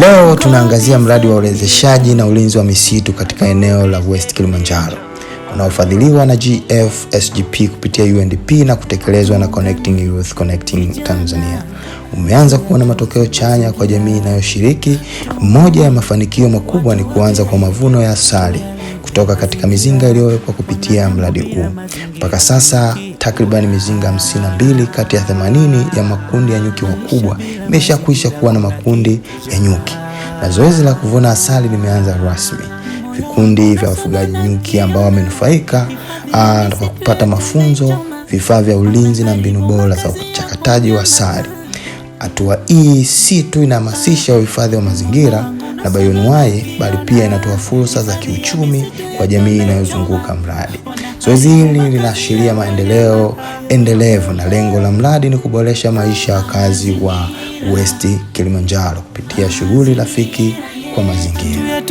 Leo tunaangazia mradi wa urejeshaji na ulinzi wa misitu katika eneo la West Kilimanjaro unaofadhiliwa na GFSGP kupitia UNDP na kutekelezwa na Connecting Youth Connecting Tanzania. Umeanza kuona matokeo chanya kwa jamii inayoshiriki. Moja ya mafanikio makubwa ni kuanza kwa mavuno ya asali kutoka katika mizinga iliyowekwa kupitia mradi huu. Mpaka sasa Takriban mizinga 52 kati ya 80 ya makundi ya nyuki wakubwa imeshakwisha kuwa na makundi ya nyuki na zoezi la kuvuna asali limeanza rasmi. Vikundi vya wafugaji nyuki ambao wamenufaika ah, kwa kupata mafunzo, vifaa vya ulinzi na mbinu bora za uchakataji wa asali. Hatua hii si tu inahamasisha uhifadhi wa mazingira na bayonuai, bali pia inatoa fursa za kiuchumi kwa jamii inayozunguka mradi. Zoezi hili linaashiria maendeleo endelevu na lengo la mradi ni kuboresha maisha ya wakazi wa West Kilimanjaro kupitia shughuli rafiki kwa mazingira.